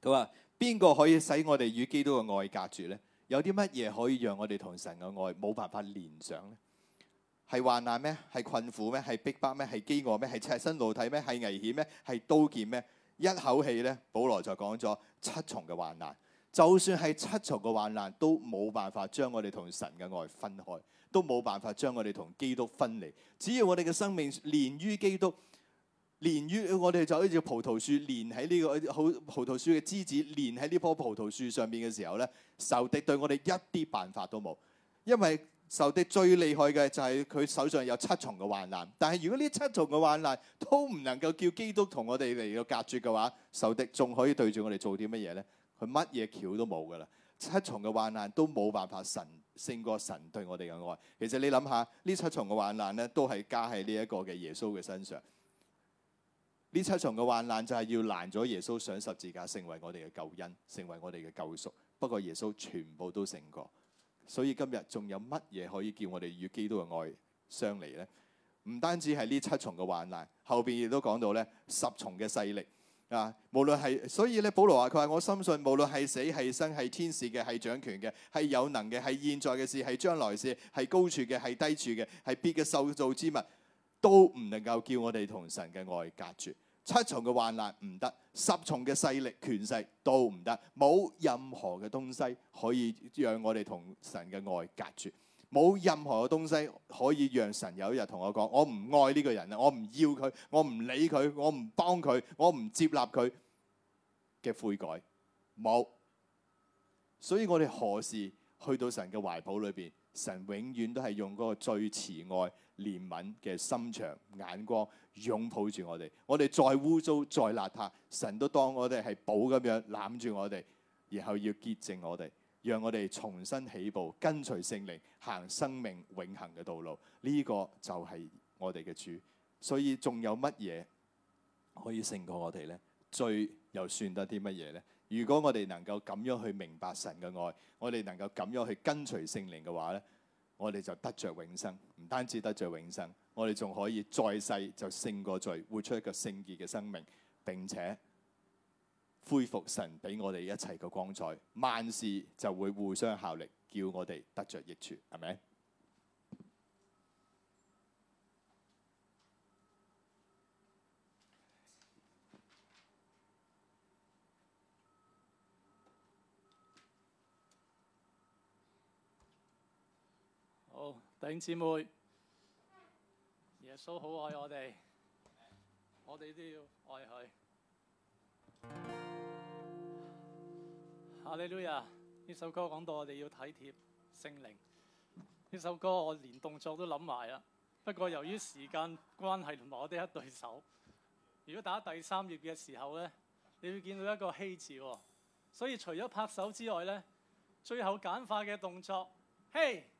佢話邊個可以使我哋與基督嘅愛隔住咧？有啲乜嘢可以讓我哋同神嘅愛冇辦法連上咧？係患難咩？係困，困苦咩？係逼迫咩？係飢餓咩？係赤身露體咩？係危險咩？係刀劍咩？一口氣咧，保羅就講咗七重嘅患難，就算係七重嘅患難，都冇辦法將我哋同神嘅愛分開，都冇辦法將我哋同基督分離。只要我哋嘅生命連於基督，連於我哋就好似葡萄樹，這個，連喺呢個好葡萄樹嘅枝子，連喺呢棵葡萄樹上面嘅時候咧，仇敵對我哋一啲辦法都冇，因為。仇敵最厲害嘅就係佢手上有七重嘅患難，但係如果呢七重嘅患難都唔能夠叫基督同我哋嚟到隔絕嘅話，仇敵仲可以對住我哋做啲乜嘢呢？佢乜嘢橋都冇㗎啦，七重嘅患難都冇辦法神勝過神對我哋嘅愛。其實你諗下，呢七重嘅患難咧，都係加喺呢一個嘅耶穌嘅身上。呢七重嘅患難就係要難咗耶穌上十字架，成為我哋嘅救恩，成為我哋嘅救贖。不過耶穌全部都勝過。所以今日仲有乜嘢可以叫我哋與基督嘅愛相離呢？唔單止係呢七重嘅患難，後邊亦都講到咧十重嘅勢力啊！無論係所以咧，保羅話佢話，我深信，無論係死係生係天使嘅係掌權嘅係有能嘅係現在嘅事係將來事係高處嘅係低處嘅係別嘅受造之物，都唔能夠叫我哋同神嘅愛隔絕。七重嘅患難唔得，十重嘅勢力權勢都唔得，冇任何嘅東西可以讓我哋同神嘅愛隔絕，冇任何嘅東西可以讓神有一日同我講，我唔愛呢個人啦，我唔要佢，我唔理佢，我唔幫佢，我唔接納佢嘅悔改，冇。所以我哋何時去到神嘅懷抱裏邊？神永遠都係用嗰個最慈愛、憐憫嘅心腸、眼光擁抱住我哋。我哋再污糟、再邋遢，神都當我哋係寶咁樣攬住我哋，然後要潔淨我哋，讓我哋重新起步，跟隨聖靈行生命永恆嘅道路。呢、這個就係我哋嘅主。所以仲有乜嘢可以勝過我哋呢？最又算得啲乜嘢呢？如果我哋能夠咁樣去明白神嘅愛，我哋能夠咁樣去跟隨聖靈嘅話咧，我哋就得着永生，唔單止得着永生，我哋仲可以再世就勝過罪，活出一個聖潔嘅生命，並且恢復神俾我哋一切嘅光彩，萬事就會互相效力，叫我哋得着益處，係咪？弟兄姊妹，耶穌好愛我哋，我哋都要愛佢。哈利路亞，呢首歌講到我哋要體貼聖靈，呢首歌我連動作都諗埋啦。不過由於時間關係同埋我哋一對手，如果打第三頁嘅時候呢，你會見到一個希、hey、字喎，所以除咗拍手之外呢，最後簡化嘅動作，嘿、hey。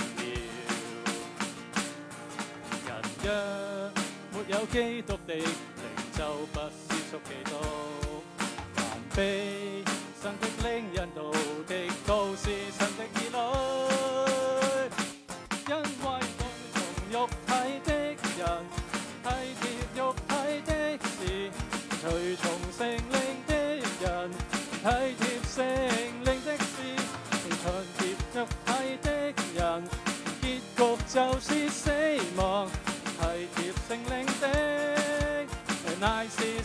若沒有基督的靈，就不是屬基督，凡被神的靈，引導的都是神的。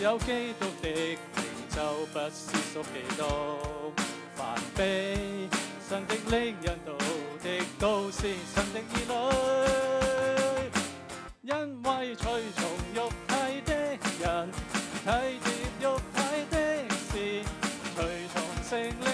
有基督的靈就不是屬基督的。凡被神的靈引導的都是神的兒女，因為隨從肉體的人，體貼肉體的事，隨從聖靈。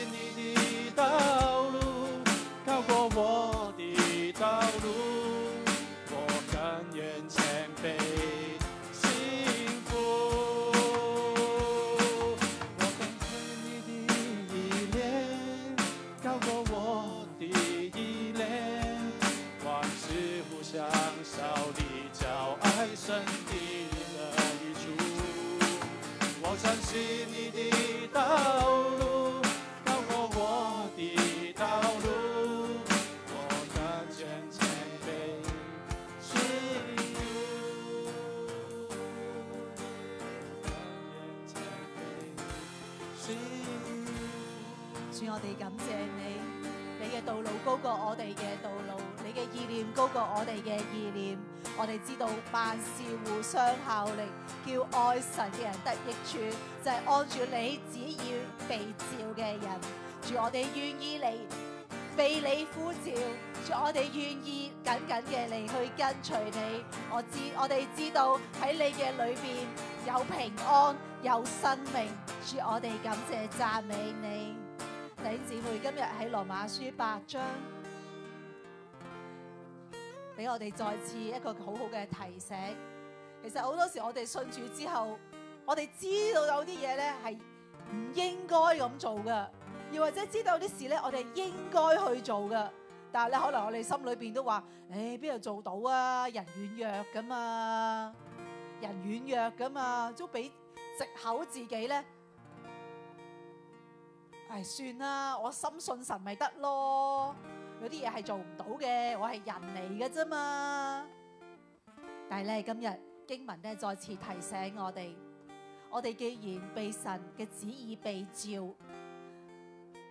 你嘅道路，你嘅意念高過我哋嘅意念。我哋知道萬事互相效力，叫愛神嘅人得益處就係、是、按住你旨意被召嘅人。主，我哋願意嚟被你呼召。主，我哋願意緊緊嘅嚟去跟隨你。我知我哋知道喺你嘅裏邊有平安有生命。主，我哋感謝讚美你。弟兄姊妹，今日喺羅馬書八章。俾我哋再次一個好好嘅提醒。其實好多時我哋信主之後，我哋知道有啲嘢咧係唔應該咁做噶又或者知道有啲事咧我哋係應該去做噶但係咧可能我哋心裏邊都話：誒，邊度做到啊？人軟弱噶嘛，人軟弱噶嘛，都俾藉口自己咧。誒，算啦，我深信神咪得咯。有啲嘢係做唔到嘅，我係人嚟嘅啫嘛。但係咧，今日經文咧再次提醒我哋，我哋既然被神嘅旨意被召，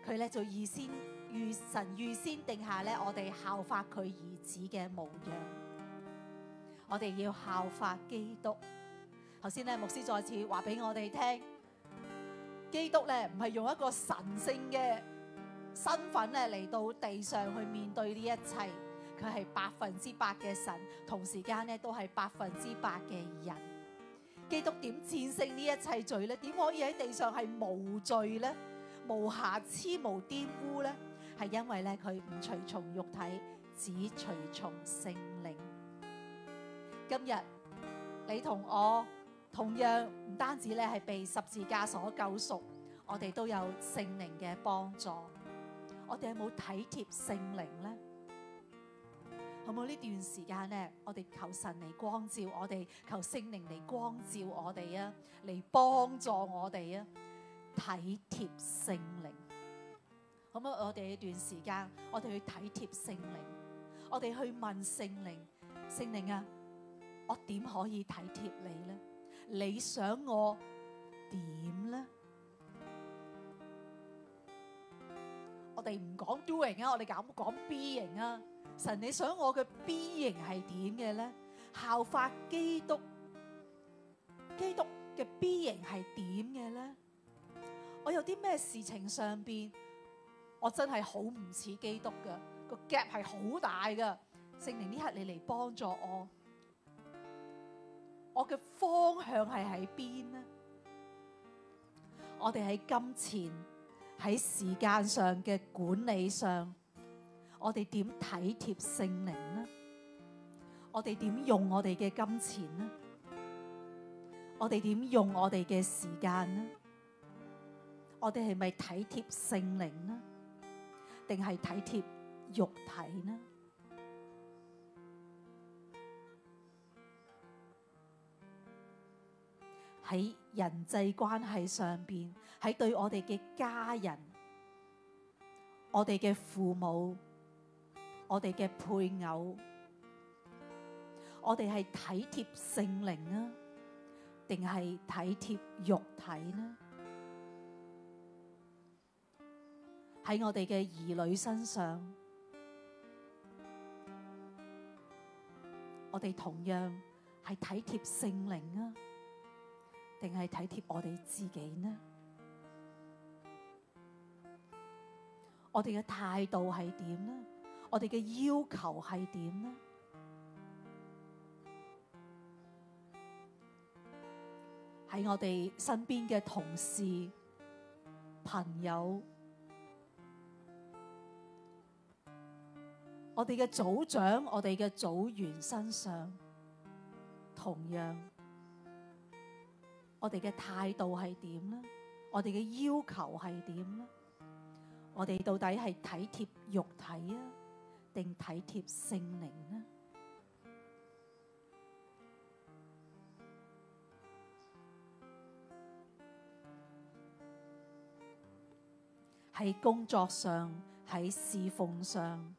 佢咧就預先預神預先定下咧，我哋效法佢兒子嘅模樣。我哋要效法基督。頭先咧牧師再次話俾我哋聽，基督咧唔係用一個神聖嘅身份咧嚟到地上去面對呢一切，佢係百分之百嘅神，同時間咧都係百分之百嘅人。基督點戰勝呢一切罪呢？點可以喺地上係無罪呢？無瑕疵、無玷污呢？係因為咧佢唔隨從肉體，只隨從聖靈。今日你同我同樣唔單止咧係被十字架所救贖，我哋都有聖靈嘅幫助。我哋有冇體貼聖靈咧，好冇？呢段時間咧，我哋求神嚟光，光照我哋，求聖靈嚟光照我哋啊，嚟幫助我哋啊，體貼聖靈。好冇？我哋呢段時間，我哋去體貼聖靈，我哋去問聖靈，聖靈啊，我點可以體貼你咧？你想我點咧？我哋唔講 doing 啊，我哋咁講 B 型啊。神，你想我嘅 B 型係點嘅咧？效法基督，基督嘅 B 型係點嘅咧？我有啲咩事情上邊，我真係好唔似基督噶，個 gap 係好大噶。聖靈呢刻你嚟幫助我，我嘅方向係喺邊呢？我哋喺金錢。喺時間上嘅管理上，我哋點體貼聖靈呢？我哋點用我哋嘅金錢呢？我哋點用我哋嘅時間呢？我哋係咪體貼聖靈呢？定係體貼肉體呢？喺人際關係上邊。喺對我哋嘅家人、我哋嘅父母、我哋嘅配偶，我哋係體貼聖靈啊，定係體貼肉體呢？喺我哋嘅兒女身上，我哋同樣係體貼聖靈啊，定係體貼我哋自己呢？我哋嘅態度係點呢？我哋嘅要求係點呢？喺我哋身邊嘅同事、朋友，我哋嘅組長、我哋嘅組員身上，同樣，我哋嘅態度係點呢？我哋嘅要求係點呢？我哋到底係體貼肉體啊，定體貼聖靈呢？喺工作上，喺侍奉上，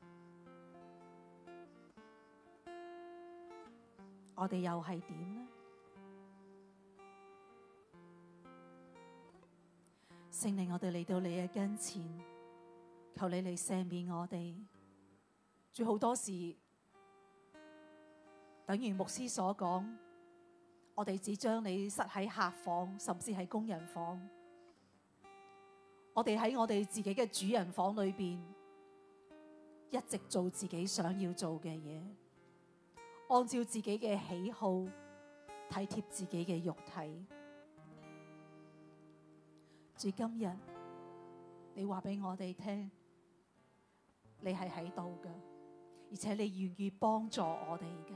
我哋又係點呢？聖靈，我哋嚟到你嘅跟前。求你嚟赦免我哋，做好多事，等於牧師所講，我哋只將你塞喺客房，甚至係工人房，我哋喺我哋自己嘅主人房裏邊，一直做自己想要做嘅嘢，按照自己嘅喜好，體貼自己嘅肉體。至今日，你話俾我哋聽。你係喺度嘅，而且你願意幫助我哋嘅。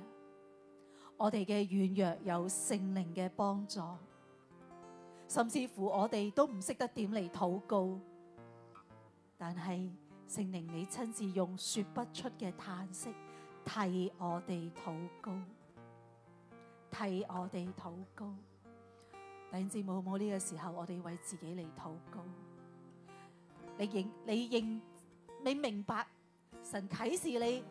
我哋嘅軟弱有聖靈嘅幫助，甚至乎我哋都唔識得點嚟禱告，但係聖靈你親自用說不出嘅嘆息替我哋禱告，替我哋禱告。等至冇冇呢個時候，我哋為自己嚟禱告，你認你認你明白。神啟示你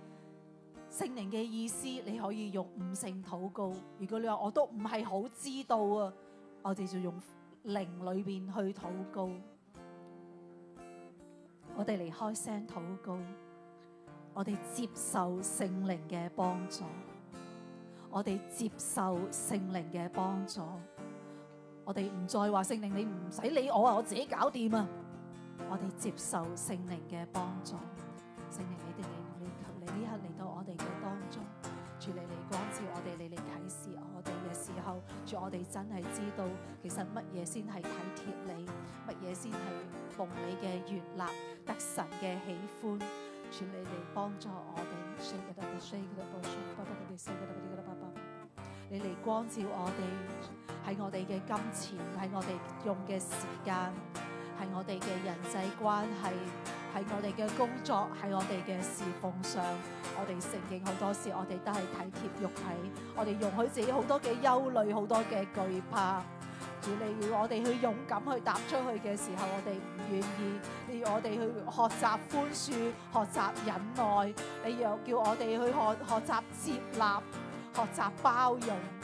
聖靈嘅意思，你可以用悟性禱告。如果你話我都唔係好知道啊，我哋就用靈裏邊去禱告。我哋嚟開聲禱告，我哋接受聖靈嘅幫助。我哋接受聖靈嘅幫助。我哋唔再話聖靈，你唔使理我啊，我自己搞掂啊。我哋接受聖靈嘅幫助。聖靈你哋嚟，我哋求你呢刻嚟到我哋嘅當中，主你嚟光照我哋，你嚟啟示我哋嘅時候，主我哋真係知道，其實乜嘢先係體貼你，乜嘢先係奉你嘅原則，得神嘅喜歡，主你嚟幫助我哋， 你嚟光照我哋，喺我哋嘅金錢，喺我哋用嘅時間，喺我哋嘅人際關係。喺我哋嘅工作，喺我哋嘅侍奉上，我哋承認好多時，我哋都係體貼肉體，我哋容許自己好多嘅憂慮，好多嘅懼怕。主你要我哋去勇敢去踏出去嘅時候，我哋唔願意。你要我哋去學習寬恕，學習忍耐。你要叫我哋去學學習接納，學習包容。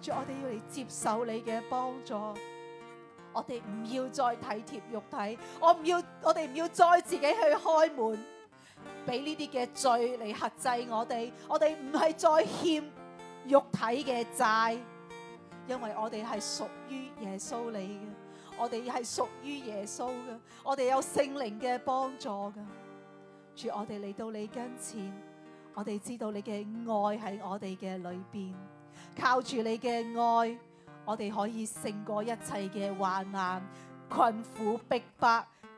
主我哋要嚟接受你嘅幫助，我哋唔要再體貼肉體，我唔要，我哋唔要再自己去開門，俾呢啲嘅罪嚟剋制我哋，我哋唔係再欠肉體嘅債，因為我哋係屬於耶穌你嘅，我哋係屬於耶穌嘅，我哋有聖靈嘅幫助噶。主我哋嚟到你跟前，我哋知道你嘅愛喺我哋嘅裏邊。靠住你嘅愛，我哋可以勝過一切嘅患難、困苦、逼迫、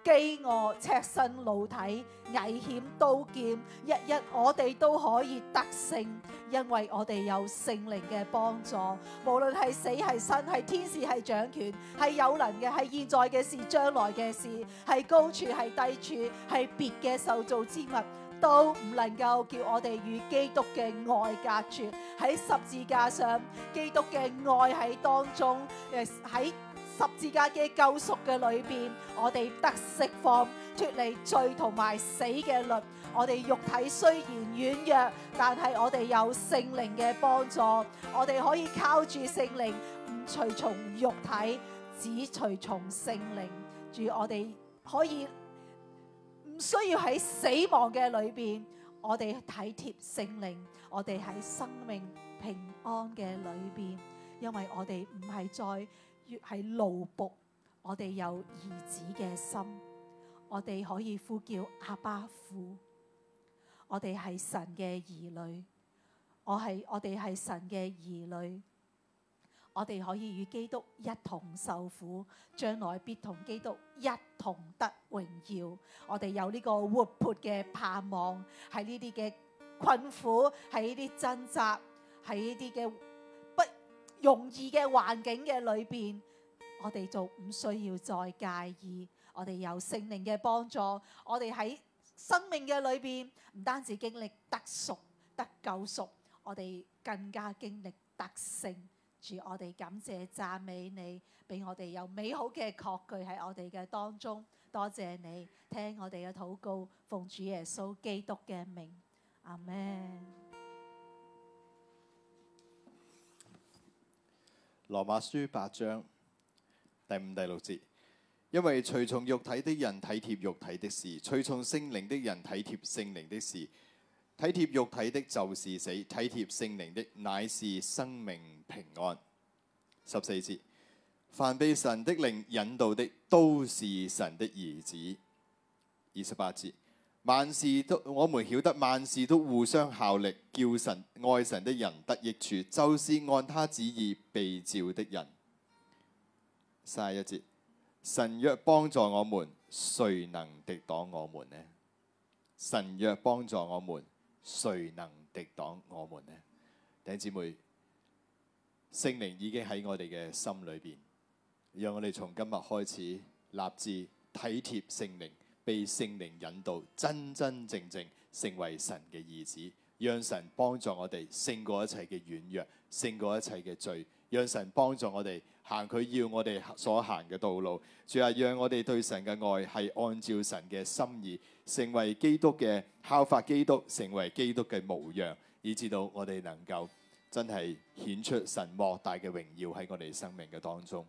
飢餓、赤身露體、危險、刀劍，日日我哋都可以得勝，因為我哋有聖靈嘅幫助。無論係死係生，係天使係掌權，係有能嘅，係現在嘅事、將來嘅事，係高處係低處，係別嘅受造之物。都唔能夠叫我哋與基督嘅愛隔絕。喺十字架上，基督嘅愛喺當中，喺十字架嘅救贖嘅裏邊，我哋得釋放，脱離罪同埋死嘅律。我哋肉體雖然軟弱，但係我哋有聖靈嘅幫助，我哋可以靠住聖靈，唔隨從肉體，只隨從聖靈，住我哋可以。需要喺死亡嘅裏邊，我哋體貼聖靈；我哋喺生命平安嘅裏邊，因為我哋唔係再越係勞僕，我哋有兒子嘅心，我哋可以呼叫阿爸父，我哋係神嘅兒女，我係我哋係神嘅兒女。我哋可以與基督一同受苦，將來必同基督一同得榮耀。我哋有呢個活潑嘅盼望，喺呢啲嘅困苦，喺呢啲掙扎，喺呢啲嘅不容易嘅環境嘅裏邊，我哋就唔需要再介意。我哋有聖靈嘅幫助，我哋喺生命嘅裏邊，唔單止經歷得贖、得救贖，我哋更加經歷得勝。主，我哋感謝讚美你，俾我哋有美好嘅確據喺我哋嘅當中。多謝你，聽我哋嘅禱告，奉主耶穌基督嘅名，阿門。羅馬書八章第五、第六節：因為隨從肉體的人體貼肉體的事，隨從聖靈的人體貼聖靈的事，體貼肉體的就是死，體貼聖靈的乃是生命平安。十四節，凡被神的靈引導的都是神的兒子。二十八節，萬事都我們曉得萬事都互相效力，叫神愛神的人得益處，就是按他旨意被召的人。三十一節，神若幫助我們，誰能敵擋我們呢？神若幫助我們。誰能敵擋我們呢？弟兄姊妹，聖靈已經喺我哋嘅心裏邊，讓我哋從今日開始立志體貼聖靈，被聖靈引導，真真正正成為神嘅兒子。讓神幫助我哋勝過一切嘅軟弱，勝過一切嘅罪。讓神幫助我哋。行佢要我哋所行嘅道路，主，係讓我哋對神嘅愛係按照神嘅心意，成為基督嘅，效法基督，成為基督嘅模樣，以致到我哋能夠真係顯出神莫大嘅榮耀喺我哋生命嘅當中。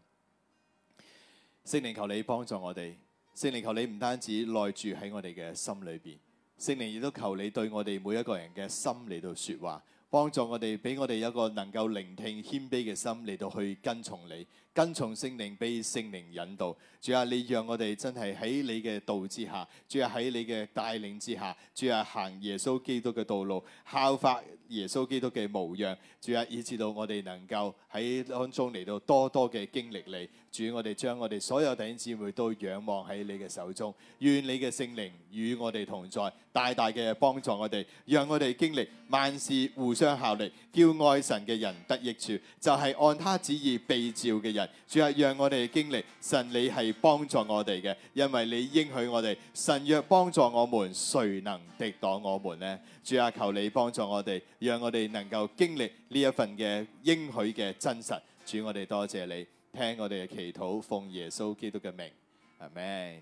聖靈，求你幫助我哋，聖靈，求你唔單止內住喺我哋嘅心裏邊，聖靈亦都求你對我哋每一個人嘅心理度說話。幫助我哋，俾我哋有一個能夠聆聽謙卑嘅心嚟到去跟從你。跟從聖靈，被聖靈引導。主啊，你讓我哋真係喺你嘅道之下，主啊喺你嘅帶領之下，主啊行耶穌基督嘅道路，效法耶穌基督嘅模樣。主啊，以至到我哋能夠喺當中嚟到多多嘅經歷你。主啊，我哋將我哋所有弟兄姊妹都仰望喺你嘅手中。願你嘅聖靈與我哋同在，大大嘅幫助我哋，讓我哋經歷萬事互相效力，叫愛神嘅人得益處，就係按他旨意被召嘅人。主啊，讓我哋經歷，神你係幫助我哋嘅，因為你應許我哋，神若幫助我們，誰能敵擋我們呢？主啊，求你幫助我哋，讓我哋能夠經歷呢一份嘅應許嘅真實。主，我哋多謝你，聽我哋嘅祈禱，奉耶穌基督嘅名，阿門。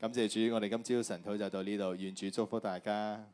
感謝主，我哋今朝神討就到呢度，願主祝福大家。